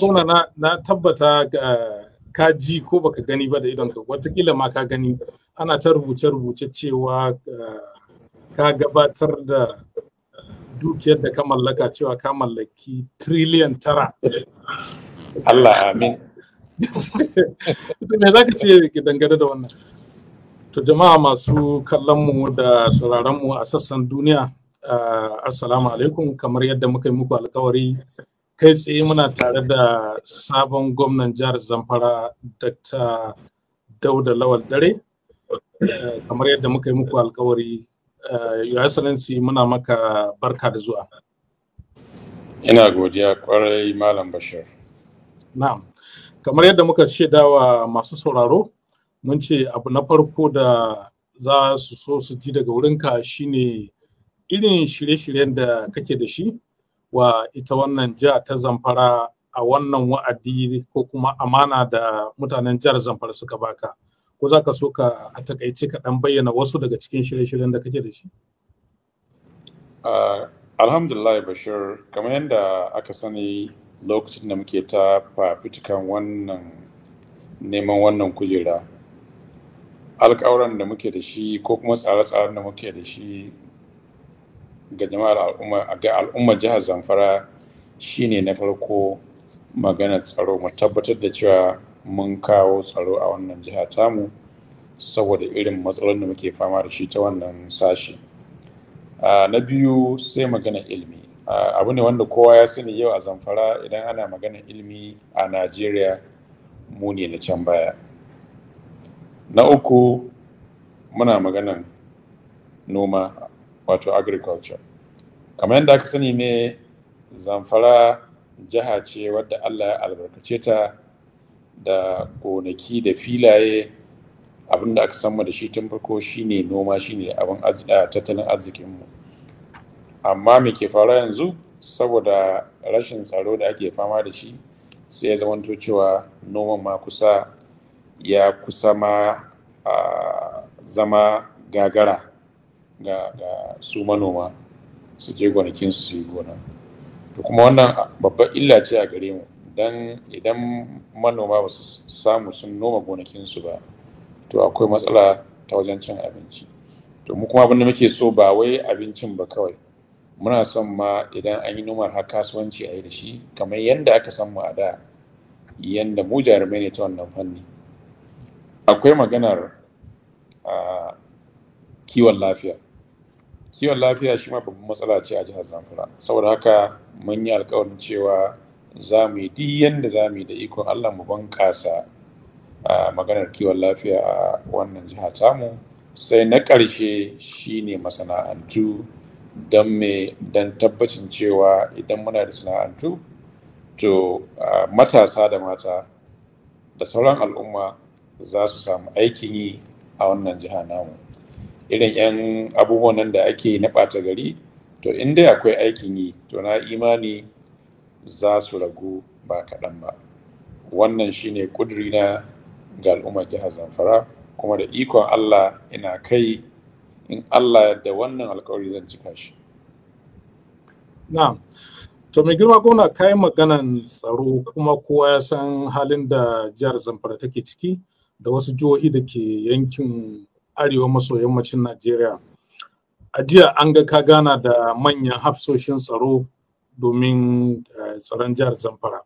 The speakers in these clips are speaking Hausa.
Kuma na, tabbata ka ji ko baka gani ba da idon ka watakila ma ka gani ana ta rubuce-rubuce cewa eh, ka gabatar da dukiyar da ka mallaka cewa ka mallaki triliyan tara. Allah amin. Me za ka ce dangane da wannan? To jama'a masu kallon kallonmu da mu a sassan duniya, eh, Assalamu alaikum kamar yadda muka yi muku alkawari kai tsaye muna tare da sabon gwamnan jihar zamfara dr dauda lawal dare eh, kamar yadda muka yi muku alkawari eh, your excellency muna maka barka da zuwa ina godiya kwarai malam bashir na'am kamar yadda muka shaida masu sauraro mun ce abu na farko da za su so su ji daga wurinka shine irin shirye-shiryen da kake da shi wa ita wannan jiha ta zamfara a wannan wa'adi ko kuma amana da mutanen jihar zamfara suka baka ko za ka so ka a takaice kaɗan bayyana wasu daga cikin shirye-shiryen da kake da shi uh, alhamdulillah bashir kamar yadda aka sani lokacin da muke ta fafitukan wannan neman wannan kujera alƙawuran da muke da shi ko kuma tsare-tsaren da muke da shi ga jama'ar al'umma ga al'ummar jihar zamfara shine na farko magana tsaro mu tabbatar da cewa mun kawo tsaro a wannan jiha tamu saboda irin matsalolin da muke fama da shi ta wannan sashi na biyu sai magana ilimi abu ne wanda kowa ya sani yau a zamfara idan ana magana ilimi a najeriya mu ne na can baya na uku muna magana noma wato agriculture kamar yadda aka sani ne zamfara jiha ce wadda allah ya albarkace ta da gonaki da filaye abin da aka samu da shi tun farko shine noma shine abin eh, tattalin arzikinmu amma me ke yanzu saboda rashin tsaro da ake fama da shi sai ya zamanto cewa noman ma kusa ya kusa ma ah, zama gagara ga su manoma su je gonakin su yi gona to kuma wannan babbar illa ce a gare mu dan idan manoma ba su samu sun noma gonakinsu ba to akwai matsala ta wajen cin abinci to mu kuma abin da muke so ba wai abincin ba kawai muna son ma idan an yi nomar har kasuwanci a yi da shi kamar yadda aka san mu a da yadda mu jarumai ne ta wannan fanni akwai maganar ah, kiwon lafiya kiwon lafiya shi ma babban matsala ce a jihar zamfara saboda haka mun yi alkawarin cewa za mu yi duk yadda za mu yi da ikon allah mu bunƙasa maganar kiwon lafiya a wannan jiha tamu sai na ƙarshe shine masana'antu don me don tabbacin cewa idan muna da sana'antu to matasa da mata da sauran al'umma za su samu aikin yi a wannan jiha namu irin 'yan abubuwan nan da ake na ɓata gari to in dai akwai aikin yi to na imani za su ragu ba kaɗan ba wannan shine na ga al'ummar jihar zamfara kuma da ikon allah ina kai in allah da wannan alkawari zan cika shi na to mai girma gona kayi maganan tsaro kuma kowa ya san halin da jihar zamfara take ciki da wasu jihohi da ke yankin arewa maso yammacin Najeriya. A jiya an ga ka gana da manyan hafsoshin tsaro domin eh, tsaron jihar Zamfara.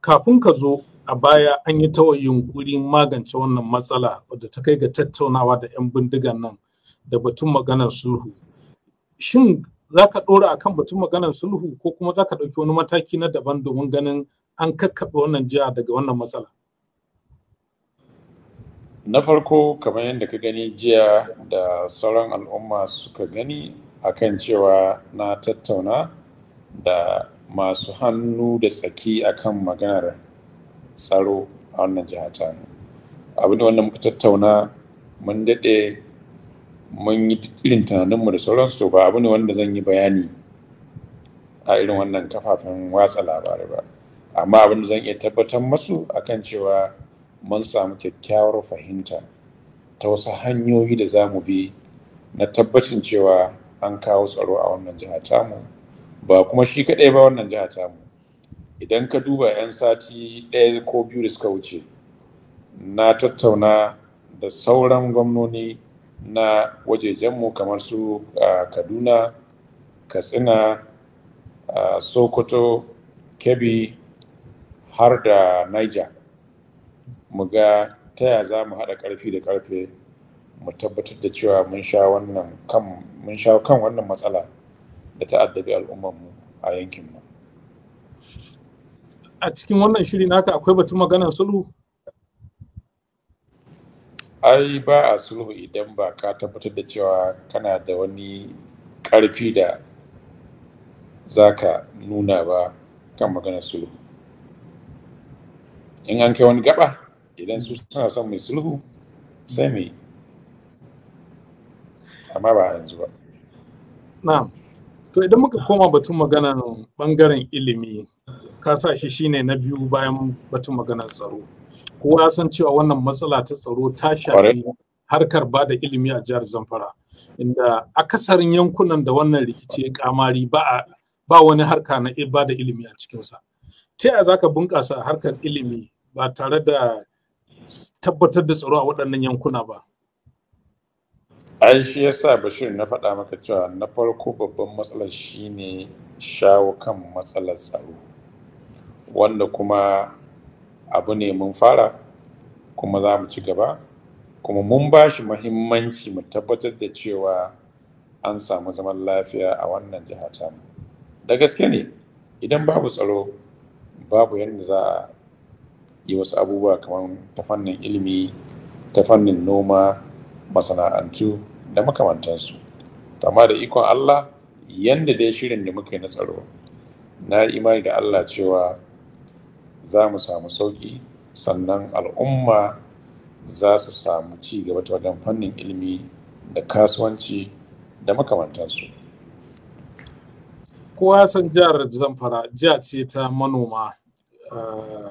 Kafin ka zo a baya an yi tawa yunkurin magance wannan matsala wadda ta kai ga tattaunawa da 'yan bindigan nan da batun maganar sulhu. Shin za ka ɗora akan batun maganar sulhu ko kuma za ka ɗauki wani mataki na daban domin ganin an kakkaɓe wannan jiya daga wannan matsala? na farko kamar yadda ka gani jiya da sauran al'umma suka gani akan cewa na tattauna da masu hannu da tsaki akan maganar tsaro a wannan jiha abu abin da wanda muka tattauna mun daɗe mun yi irin tunaninmu da sauransu to ba abu ne wanda zan yi bayani a irin wannan kafafen watsa labarai ba amma abin da zan iya tabbatar masu akan cewa mun samu kyakkyawar fahimta ta wasu hanyoyi da za mu bi na tabbacin cewa an kawo tsaro a wannan jiha tamu ba kuma shi kaɗai ba wannan jiha tamu idan ka duba 'yan sati ɗaya ko biyu da suka wuce na tattauna da sauran gwamnoni na wajejenmu kamar su kaduna katsina sokoto kebbi har da niger mu ga ta yaya za mu haɗa ƙarfi da ƙarfe mu tabbatar da cewa mun sha kan wannan matsala da ta addabi mu a yankinmu. A cikin wannan shiri naka akwai batun maganar sulhu? Ai ba a sulhu idan ba ka tabbatar da cewa kana da wani ƙarfi da za ka nuna ba kan maganar sulhu. In an kai wani gaba? idan su suna son mai sulhu sai mai amma ba yanzu ba na'am to idan muka koma batun maganar bangaren ilimi ka sa shi shine na biyu bayan batun maganar tsaro kowa ya san cewa wannan matsala ta tsaro ta shafi harkar ba da ilimi a jihar zamfara inda akasarin yankunan da wannan rikici ya kamari ba wani harka na ba da ilimi a cikinsa ta yaya za ka bunƙasa harkar ilimi ba tare da tabbatar da tsaro a waɗannan yankuna ba ai shi yasa bashir na faɗa maka cewa na farko babban matsalar shi ne shawo kan matsalar tsaro wanda kuma abu ne mun fara kuma za mu ci gaba kuma mun ba shi mahimmanci mu tabbatar da cewa an samu zaman lafiya a wannan jihata da gaske ne idan babu tsaro babu yadda za a yi wasu abubuwa kamar ta fannin ilimi ta fannin noma masana'antu da makamantansu amma da ikon Allah yadda dai shirin da muka yi na tsaro na imani da Allah cewa za mu samu sauƙi sannan al'umma za su samu ci gaba ta wajen fannin ilimi da kasuwanci da makamantansu kowa san jihar zamfara jiya ce ta manoma eh,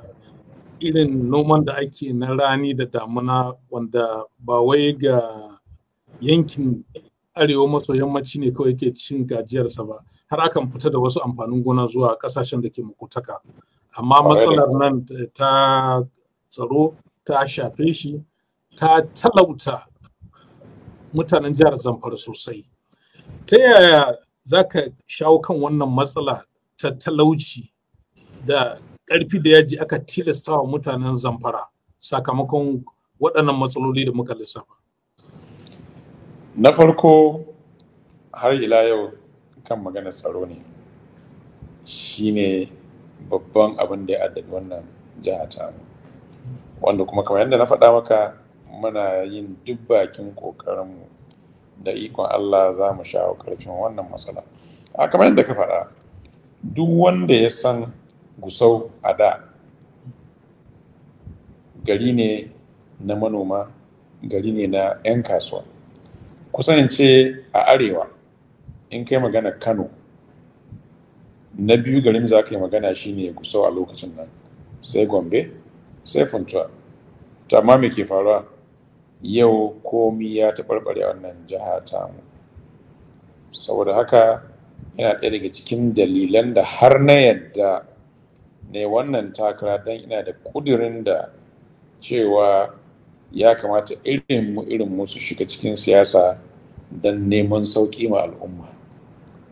irin noman da ake na rani da damuna wanda ba wai ga yankin arewa maso yammaci ne kawai ke cin gajiyarsa ba har akan fita da wasu amfanin gona zuwa kasashen da ke makotaka amma matsalar nan ta tsaro ta shafe shi ta talauta mutanen jihar zamfara sosai ta yaya za ka shawo kan wannan matsala ta talauci da ƙarfi da yaji aka tilasta wa mutanen zamfara sakamakon waɗannan matsaloli da muka lissafa na farko har ila yau kan magana tsaro ne shi ne babban abin da ya addabi wannan jiha ta wanda kuma kamar yadda na faɗa maka muna yin duk bakin ƙoƙarinmu da ikon Allah za mu shawo ƙarfin wannan matsala a kamar yadda ka faɗa duk wanda ya san gusau a da gari ne na manoma gari ne na 'yan kasuwa kusan ce a arewa in kai magana kano na biyu garin za ka yi magana shine gusau a lokacin nan sai gombe sai funtuwa ta ma me ke faruwa yau komi ya taɓarɓare wannan jiha ta mu saboda haka yana ɗaya daga cikin dalilan da har na yadda ne wannan takara dan ina da kudirin da cewa ya kamata irin mu irin mu su shiga cikin siyasa don neman sauƙi ma al'umma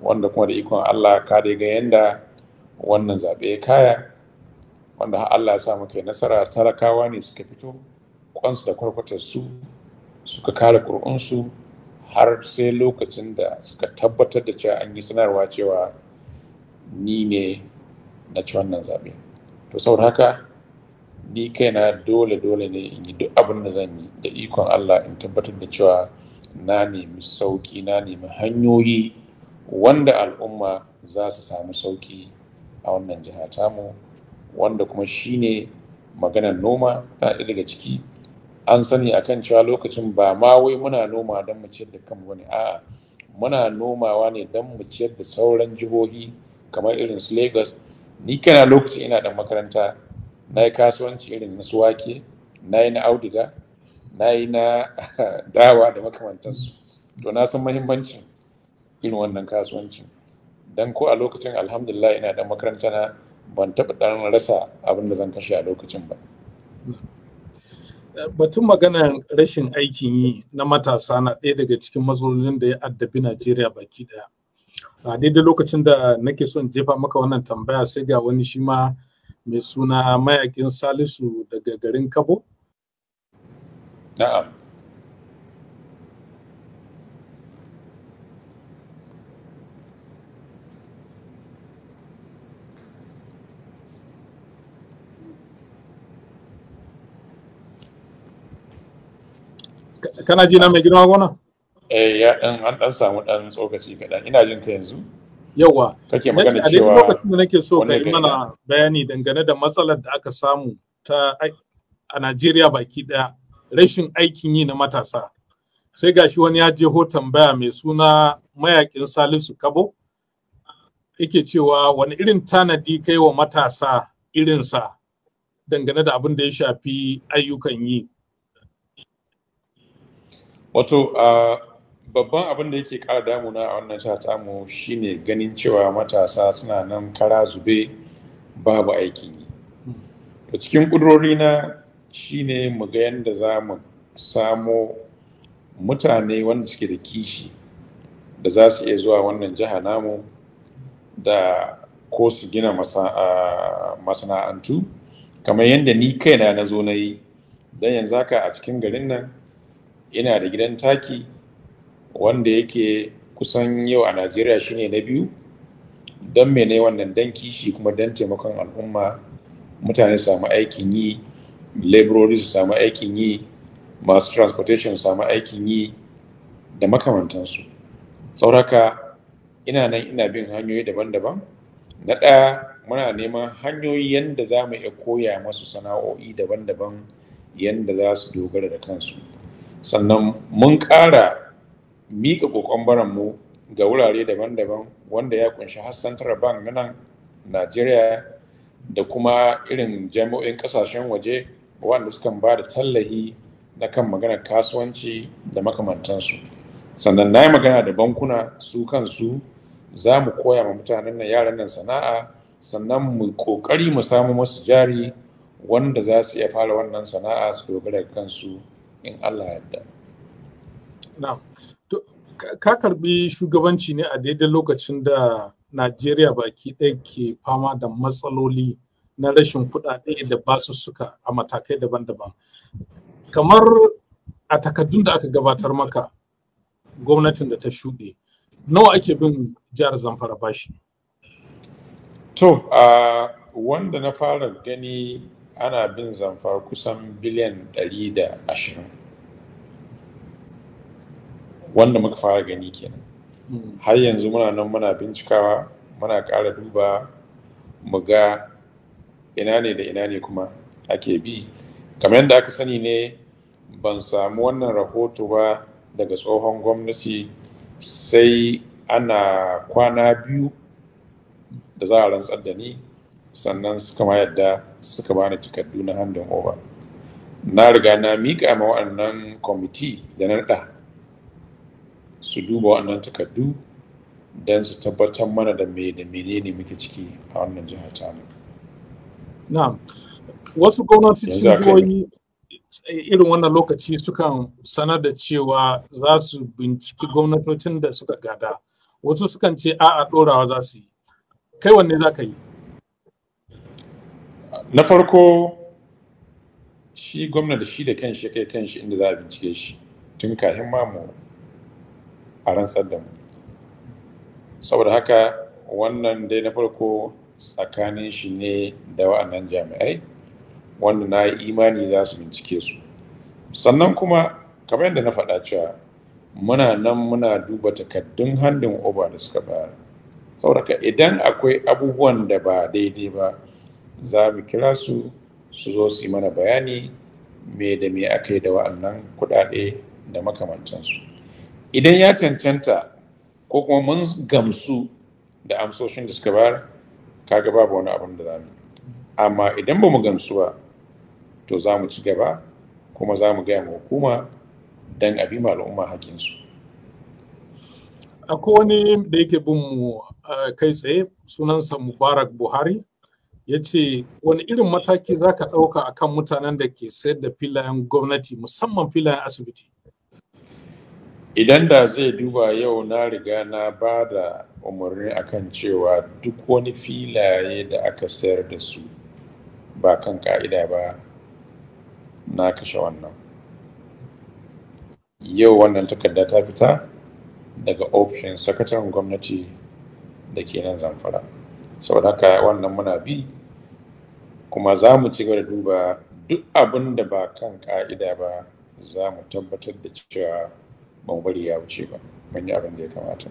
wanda kuma da ikon Allah ka dai ga yanda wannan zaɓe ya kaya wanda Allah ya sa muka nasara talakawa ne suka fito kwansu da kwarkwatar su suka kare ƙuri'unsu har sai lokacin da suka tabbatar da cewa an yi sanarwa cewa ni ne na ci wannan zaɓe to saboda haka ni kaina dole dole ne in yi duk abin da zan yi da ikon Allah in tabbatar da cewa na nemi sauki na nemi hanyoyi wanda al'umma za su samu sauki a wannan jiha tamu wanda kuma shine maganar noma ta daga ciki an sani a kan cewa lokacin ba ma wai muna noma don mu ciyar da kanmu ba ne. a'a muna nomawa ne don mu ciyar da sauran jihohi kamar irin su Lagos ni kana lokacin ina da makaranta na yi kasuwanci irin na suwake na yi na auduga na yi na dawa da makamantansu to na san mahimmancin irin wannan kasuwancin don ko a lokacin alhamdulillah ina da makaranta na ban taɓa ɗan rasa abin da zan kashe a lokacin ba batun maganar rashin aikin yi na matasa na ɗaya daga cikin matsalolin da ya addabi najeriya baki daya. a daidai lokacin da nake son jefa maka wannan tambaya sai ga wani shi ma mai suna mayakin salisu daga garin kabo kana ji na mai girma gona eh ya an dan samu dan tsokaci kaɗan ina jin ka yanzu yawa kake magana cewa a lokacin da nake so ka yi mana bayani dangane da matsalar da aka samu ta a Najeriya baki ɗaya, rashin aikin yi na matasa sai gashi wani ya je tambaya mai suna mayakin Salisu Kabo yake cewa wani irin tanadi kai wa matasa irinsa dangane da abin da ya shafi ayyukan yi wato uh... babban abin da yake ƙara damuna a wannan sha tamu shine ganin cewa matasa suna nan kara zube babu aiki yi da cikin ƙudurori na shine mu ga yadda za mu samo mutane wanda suke da kishi da za su iya zuwa wannan jiha namu da ko su gina masana'antu kamar yadda ni kaina na zo na yi don yanzu haka a cikin garin nan ina da gidan taki wanda yake kusan yau a najeriya shine na biyu don mene wannan dan kishi kuma dan taimakon al'umma mutane su samu aikin yi laborori su samu aikin yi masu transportation su samu aikin yi da makamantansu sauraka ina nan ina bin hanyoyi daban-daban na ɗaya muna neman hanyoyi yadda za mu iya koya masu sana'o'i daban-daban yadda za su dogara da kansu sannan mun ƙara miƙa ƙoƙon mu ga wurare daban-daban wanda ya kunshi har central bank na nan najeriya da kuma irin jami'o'in ƙasashen waje wanda suka ba da tallahi na kan maganar kasuwanci da makamantansu sannan na yi magana da bankuna su kansu za mu koya ma mutanen nan yaran nan sana'a sannan mu kokari mu samu masu jari wanda za su iya fara wannan sana'a su dogara kansu in allah yadda ka karbi shugabanci ne a daidai lokacin da najeriya baki ɗaya ke fama da matsaloli na rashin kuɗaɗe da basu suka a matakai daban-daban kamar a takaddun da aka gabatar maka gwamnatin da ta shuɗe nawa ake bin jihar zamfara bashi to a wanda na fara gani ana bin zamfara kusan biliyan ɗari da ashirin. wanda muka fara gani kenan hmm. har yanzu muna nan muna bincikawa muna kara duba mu ga ina ne da ina ne kuma ake bi kamar yadda aka sani ne ban samu wannan rahoto ba daga tsohon gwamnati sai ana kwana biyu da za a rantsar da ni sannan suka ma yadda suka bani takardu na handin over na riga na mika ma wannan kwamiti da na naɗa su duba wannan takardu don su tabbatar mana da me da muke ciki a wannan jihar ta Na, wasu gwamnati cibiyoyi irin wannan lokaci sukan sanar da cewa za su binciki gwamnatocin da suka gada wasu sukan ce a'a ɗorawa za su yi kai wanne za ka yi na farko shi gwamna da shi da kanshi kai kanshi inda za a bincike shi tun kafin ma mu a rantsar da mu saboda haka wannan dai na farko tsakanin shi ne da wa'annan jami'ai wanda na yi imani za su bincike su sannan kuma kamar yadda na faɗa cewa muna nan muna duba takaddun handin oba da suka bayar saboda idan akwai abubuwan da ba daidai ba za mu kira su su zo su yi mana bayani me da me aka yi da wa'annan kuɗaɗe da makamantansu idan ya cancanta ko kuma mun gamsu da amsoshin da suka bayar kaga babu wani abin da zamu amma idan ba mu gamsu ba to za mu ci gaba kuma za mu gaya ma hukuma don a bi al'umma hakinsu akwai wani da yake bin mu eh, kai tsaye sunansa mubarak buhari ya ce wani irin mataki za ka ɗauka akan mutanen da ke sayar da filayen gwamnati musamman filayen asibiti idan da zai duba yau na riga na ba da umarni akan cewa duk wani filaye da aka sayar da su ba kan ka'ida ba na kashe wannan yau wannan takarda ta fita daga ofishin sakataren gwamnati da ke nan zamfara sau da haka wannan muna bi kuma za mu ci gaba da duba duk abin da ba kan ka'ida ba za mu tabbatar da cewa ban bari ya wuce ba ban yi abin da ya kamata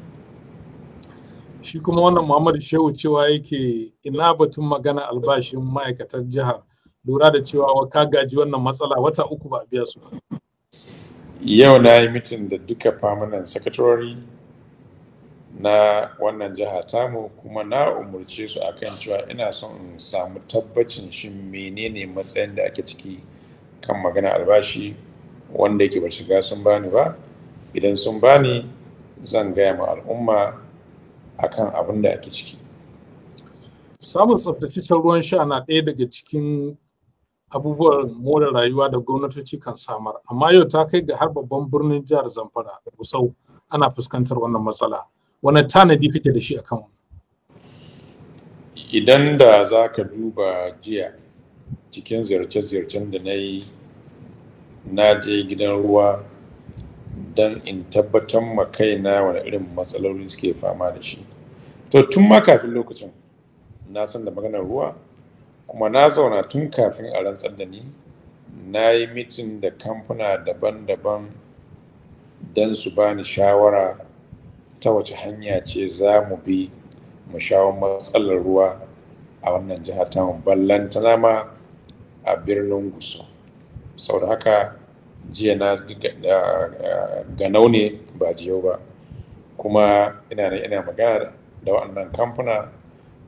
shi kuma wannan muhammadu shehu cewa yake ina batun magana albashin ma'aikatar jihar lura da cewa wa ka gaji wannan matsala wata uku ba biya su yau na yi mitin da duka permanent secretary na wannan jiha tamu kuma na umarce su akan cewa ina son in samu tabbacin shi menene matsayin da ake ciki kan magana albashi wanda yake ba shiga sun bani ba idan sun bani zan gaya ma al'umma akan abin da ake ciki samun ta ruwan sha na ɗaya daga cikin abubuwan more rayuwa da gwamnatoci kan samar amma yau ta kai ga har babban birnin jihar zamfara gusau ana fuskantar wannan matsala wani tanadi kake da shi akan idan da za ka duba jiya cikin ziyarce-ziyarcen da na yi na je gidan ruwa don in tabbatar ma kaina wani irin matsaloli suke fama da shi to tun ma kafin lokacin na san da maganar ruwa kuma na zauna tun kafin a rantsar da ni na yi mitin da kamfuna daban-daban don su bani shawara ta wace hanya ce za mu bi mu shawo matsalar ruwa a wannan jihar ta ballantana ma a birnin guso sau da haka jiya na ganau ne ba jiyau ba kuma ina ina magana da waɗannan kamfuna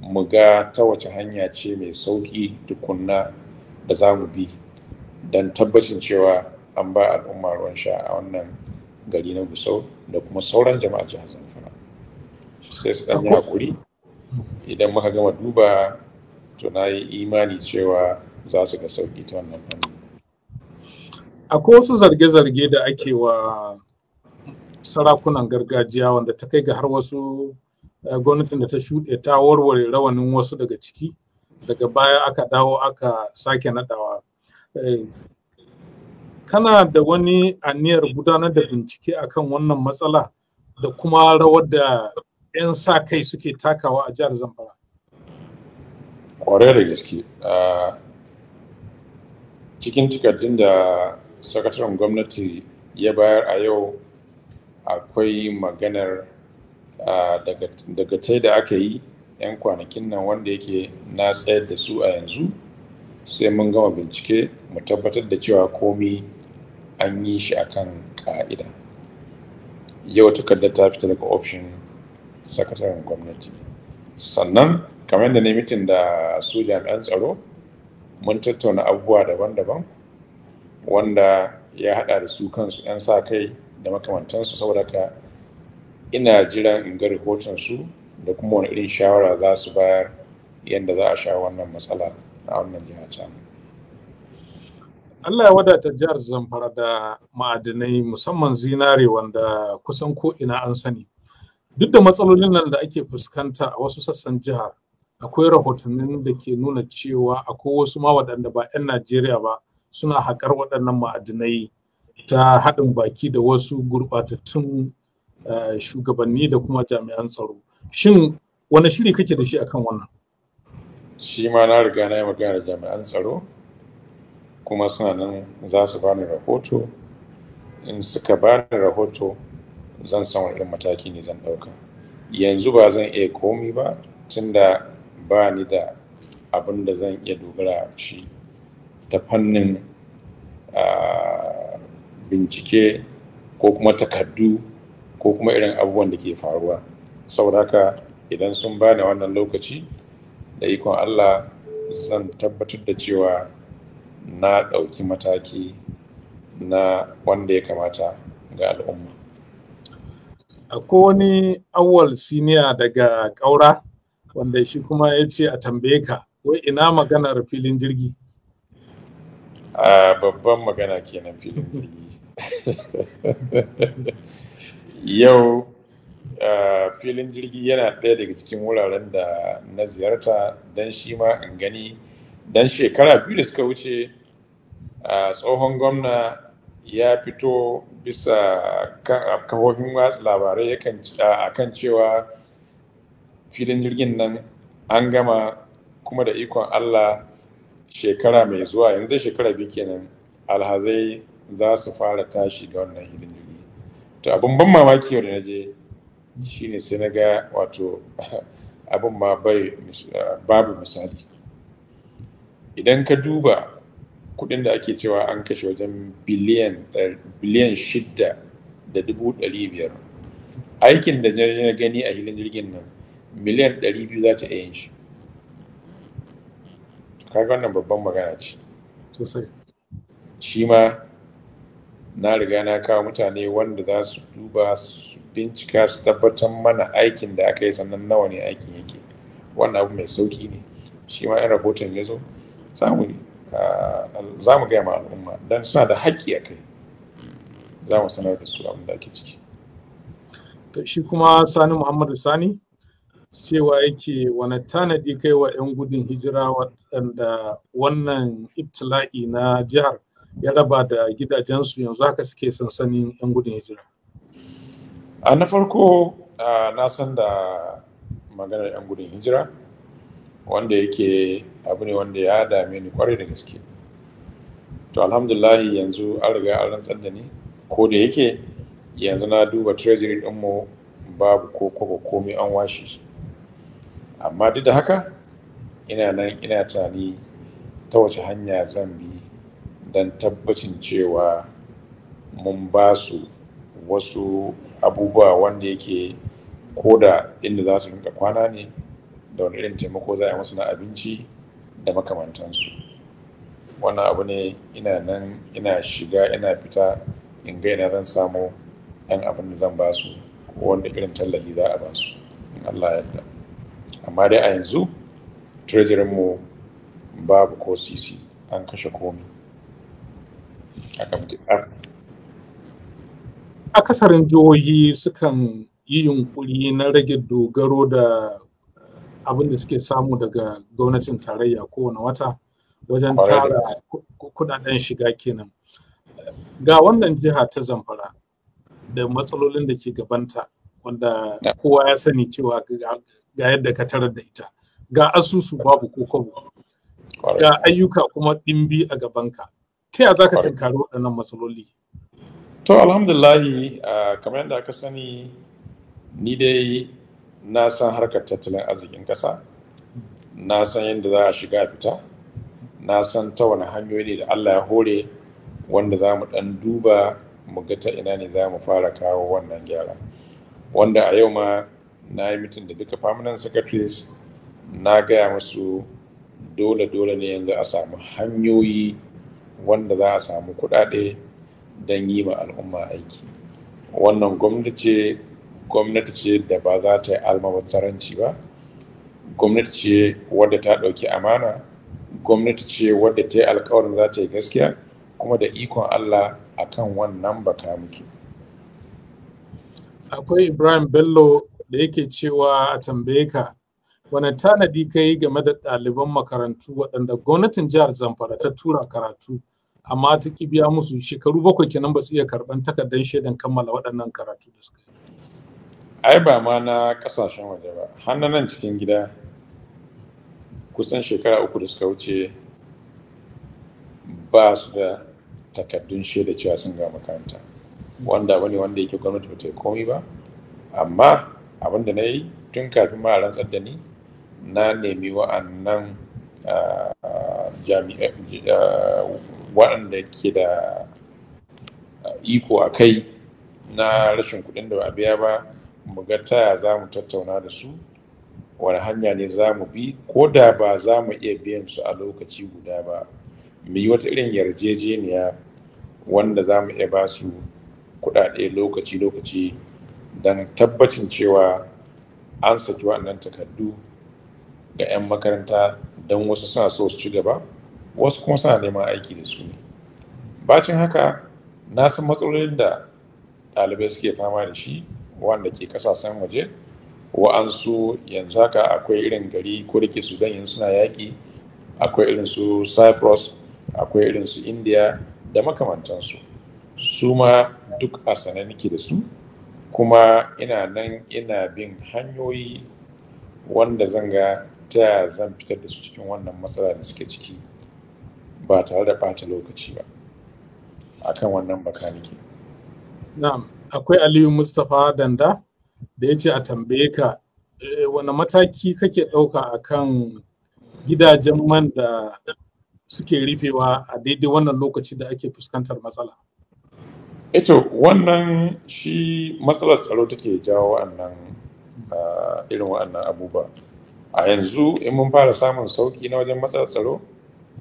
mu ga ta wace hanya ce mai sauƙi tukunna da za mu bi don tabbacin cewa an ba al'umma ruwan sha a wannan gari na gusau da kuma sauran jama'a jihar zamfara sai su ɗan yi haƙuri idan muka gama duba to na yi imani cewa za su ga sauƙi ta wannan fannin akwai wasu zarge-zarge da ake wa sarakunan gargajiya wanda ta kai ga har wasu eh, gwamnatin da ta shuɗe ta warware rawanin wasu daga ciki daga baya aka dawo aka sake naɗawa eh, kana da wani aniyar gudanar da bincike akan wannan matsala da kuma rawar da 'yan sa kai suke takawa a jihar zamfara kwarai da gaske ah, cikin takardun da sakataren gwamnati ya bayar a yau akwai maganar daga tai da aka yi 'yan kwanakin nan wanda yake na tsayar da su a yanzu sai mun gama bincike mu tabbatar da cewa komi an yi shi akan ka'ida yau takardar ta fita daga option sakataren gwamnati sannan kamar da ne mitin da su jami'an tsaro mun tattauna abubuwa daban-daban wanda ya hada da su kansu 'yan sa kai da makamantansu saboda ka ina jira in ga rahoton su da kuma wani irin shawara za su bayar yadda za a sha wannan matsala a wannan jiha can. Allah ya wadata jihar Zamfara da ma'adinai musamman zinare wanda kusan ko ina an sani. Duk da matsalolin nan da ake fuskanta a wasu sassan jihar, akwai rahotannin da ke nuna cewa akwai wasu ma waɗanda ba 'yan Najeriya ba suna haƙar waɗannan ma'adinai ta haɗin baki da wasu gurɓatattun eh, shugabanni da kuma jami'an tsaro shin wani shiri kake da shi akan wannan shi ma na riga na yi magana jami'an tsaro kuma suna nan za su bani rahoto in suka bani rahoto zan san wani irin mataki ne zan ɗauka yanzu ba zan iya komi ba tunda ba ni da abin da zan iya dogara shi ta fannin bincike ko kuma takardu ko kuma irin abubuwan da ke faruwa saboda haka idan sun bani wannan lokaci da ikon allah zan tabbatar da cewa na ɗauki mataki na wanda ya kamata ga al'umma akwai wani awal siniya daga ƙaura wanda shi kuma ya ce a tambaye ka wai ina maganar filin jirgi a babban magana kenan filin jirgi yau filin jirgi yana ɗaya daga cikin wuraren da na ziyarta don shi ma in gani don shekara biyu da suka wuce tsohon gwamna ya fito bisa kafofin watsa labarai a kan cewa filin jirgin nan an gama kuma da ikon allah shekara mai zuwa yanzu shekara biyu kenan alhazai za su fara tashi ga wannan hidin jirgi to abin ban mamaki yau da na je shine sai na ga wato abin ma bai babu misali idan ka duba kudin da ake cewa an kashe wajen biliyan eh, biliyan shida da dubu ɗari biyar aikin da na gani a hilin jirgin nan miliyan ɗari biyu za ta iya yin shi kaga wannan babban magana ce sosai shi ma na riga na kawo mutane wanda za su duba su bincika su tabbatar mana aikin da aka yi sannan nawa ne aikin yake wannan abu mai sauki ne shi ma yan rahoton ya zo za mu gaya ma al'umma don suna da haƙƙi a kai za mu sanar da su abin da ake ciki shi kuma sani muhammadu sani cewa yake wani tanadi kai wa 'yan gudun hijira waɗanda wannan ibtila'i na jihar ya raba da gidajensu yanzu haka suke sansanin 'yan gudun hijira a na farko na san da maganar 'yan gudun hijira wanda yake abu ne wanda ya dame ni kwarai da gaske to alhamdulahi yanzu an riga an rantsar da ni ko da yake yanzu na duba treasury ɗinmu babu ko kwabo komai an washe amma duk da haka ina nan ina tunani ta wace hanya zan bi don tabbacin cewa mun ba su wasu abubuwa wanda yake ko da inda za su rinka kwana ne da wani irin taimako za a masu na abinci da makamantansu wannan abu ne ina nan ina shiga ina fita in ga ina zan samu 'yan abin da zan ba su wanda irin tallafi za a ba su in allah yadda amma dai a yanzu mu babu ko sisi an kashe komi a akasarin jihohi sukan yi yunkuri na rage dogaro da eh, abin da suke samu daga gwamnatin tarayya kowane wata wajen tara kudaden shiga kenan ga wannan jiha ta zamfara da matsalolin da ke gabanta wanda kowa ya sani cewa ga yadda ka tarar da ita ga asusu babu ko kwabo ga ayyuka kuma dimbi a gabanka ta ya za ka tunkari waɗannan matsaloli to alhamdulahi uh, kamar yadda aka sani ni dai na san harkar tattalin arzikin ƙasa na san yadda za a shiga fita na san ta wani hanyoyi ne da allah ya hore wanda za mu ɗan duba mu ga ta ina ne za mu fara kawo wannan gyara wanda a yau ma na yi mitin da duka permanent secretaries na gaya masu dole dole ne yanzu a samu hanyoyi wanda za a samu kuɗaɗe don yi ma al'umma aiki wannan gwamnati gwamnati ce da ba za ta yi almabazzaranci ba gwamnati ce wadda ta ɗauki amana gwamnati ce wadda ta yi alkawarin za ta yi gaskiya kuma da ikon allah akan wannan baka muke akwai ibrahim bello da yake cewa a tambaye ka wani tanadi ka yi game da ɗaliban makarantu waɗanda gwamnatin jihar zamfara ta tura karatu amma ta ki biya musu shekaru bakwai kenan ba su iya karɓan takardar shaidan kammala waɗannan karatu da suka ai ba ma na ƙasashen waje ba hannanan nan cikin gida kusan shekara uku da suka wuce ba su da takardun shaida cewa sun ga makaranta wanda wani wanda yake gwamnati ba ta yi komi ba amma abinda da na yi tun kafin ma a rantsar da ni na nemi wa'annan ah, ah, waɗanda ke da ah, iko a kai na rashin kuɗin da ba biya ba mu ga ta za mu tattauna da su wani hanya ne za mu bi ko da ba za mu iya biyan su a lokaci guda ba mu yi wata irin yarjejeniya wanda za mu iya ba su kuɗaɗe lokaci-lokaci Dan tabbacin cewa an saki waɗannan takardu ga 'yan makaranta don wasu suna so su ci gaba wasu kuma suna neman aiki da su ne bacin haka na san matsalolin da ɗalibai suke fama da shi wanda ke ƙasashen waje wa'ansu yanzu haka akwai irin gari ko da ke sudan yanzu suna yaƙi akwai irin su cyprus akwai irin su india da makamantansu su ma duk a sane nake da su kuma ina nan ina bin hanyoyi wanda zan ga ta zan fitar da su cikin wannan matsala da suke ciki ba tare da ɓata lokaci ba akan wannan bakanike. na'am akwai aliyu mustapha danda da ya ce a tambaye ka eh, wani mataki kake ɗauka akan gidajen man da suke rufewa a daidai wannan lokaci da ake fuskantar matsala Eto wannan shi matsalar tsaro take jawo wa'annan ah, irin wa'annan abubuwa. A yanzu in mun fara samun sauƙi na wajen matsalar tsaro,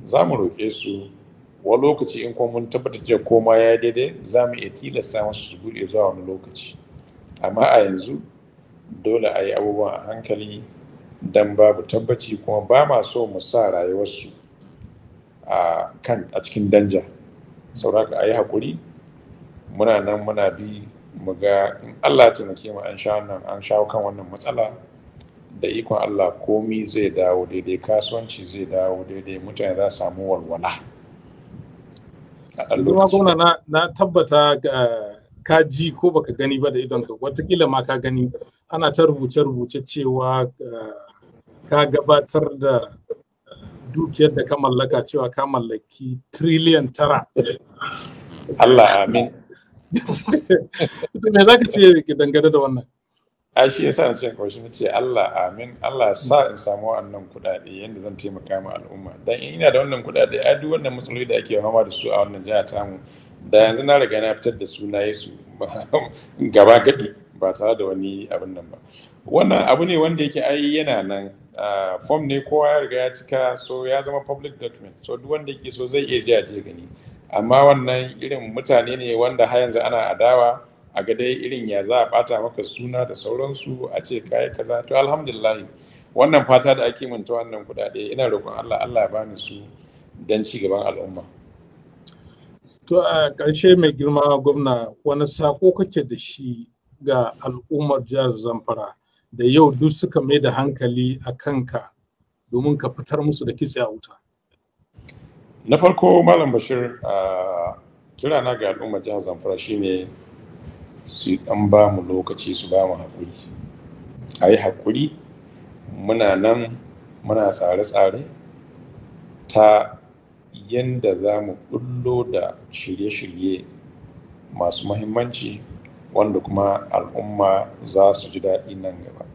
za mu roƙe su wani lokaci in kuma mun tabbatar cewa koma ya daidai za mu iya tilasta masu su buɗe zuwa wani lokaci. Amma a yanzu dole a yi abubuwan a hankali don babu tabbaci kuma ba ma so mu sa rayuwarsu a ah, kan a cikin danja. Sauraka a yi hakuri. muna nan muna bi mu ga in Allah ya taimake mu an sha nan an shawo kan wannan matsala da ikon Allah komi zai dawo daidai kasuwanci zai dawo daidai mutane za su samu walwala kuma gwamna na, na tabbata ka ji ko baka gani ba da idon ka watakila ma ka gani ana ta rubuce-rubuce cewa ah, ka gabatar da dukiyar da ka mallaka cewa ka mallaki tiriliyan tara Allah amin me za ka ce dangane da wannan a shi ya sa na ce kawai na ce Allah amin Allah sa in samu wannan kuɗaɗe yadda zan taimaka ma al'umma dan in ina da wannan kuɗaɗe a duk wannan matsaloli da ake fama da su a wannan jiha tamu da yanzu na riga na fitar da suna su gaba gadi ba tare da wani abin nan ba wannan abu ne wanda yake ai yana nan form ne kowa ya riga ya cika so ya zama public document so duk wanda yake so zai iya je gani amma wannan irin mutane ne wanda har yanzu ana adawa a ga dai irin ya za a bata maka suna da sauransu a ce kai kaza to alhamdulillah wannan fata da ake ta wannan kudade ina roƙon Allah Allah ya bani su don ci gaban al'umma to a ƙarshe mai girma gwamna wani sako kake da shi ga al'ummar jihar Zamfara da yau duk suka mai da hankali a kanka domin ka fitar musu da kitse a wuta na farko malam bashir a kira na ga al'ummar jihar zamfara shine su dan ba mu lokaci su ba mu haƙuri a yi haƙuri muna nan muna tsare-tsare ta yadda za mu bullo da shirye-shirye masu mahimmanci wanda kuma al'umma za su ji daɗi nan gaba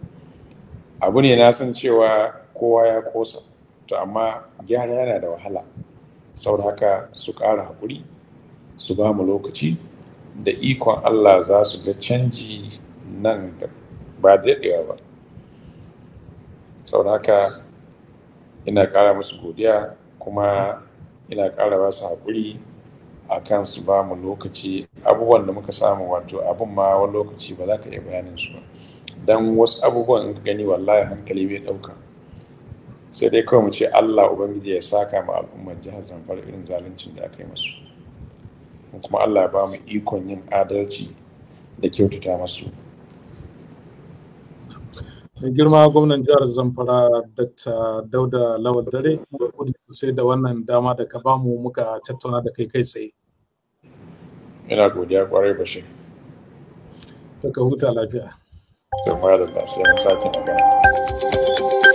abu ne na san cewa kowa ya kosa to amma gyara yana da wahala saboda haka su ƙara haƙuri su ba mu lokaci da ikon allah za su ga canji nan da ba daɗewa ba saboda haka ina ƙara musu godiya kuma ina ƙara ba su haƙuri a kan su ba mu lokaci abubuwan da muka samu wato abin ma wani lokaci ba za ka iya bayanin su ba. don wasu abubuwan gani wallahi hankali bai ɗauka sai dai kawai mu ce Allah ubangiji ya saka ma al'ummar jihar Zamfara irin zaluncin da aka yi masu kuma Allah ya ba mu ikon yin adalci da kyautata masu girma gwamnan jihar zamfara dr dauda lawal dare sai da wannan dama da ka bamu muka tattauna da kai kai tsaye ina godiya kwarai shi. ta ka huta lafiya da sai da sake magana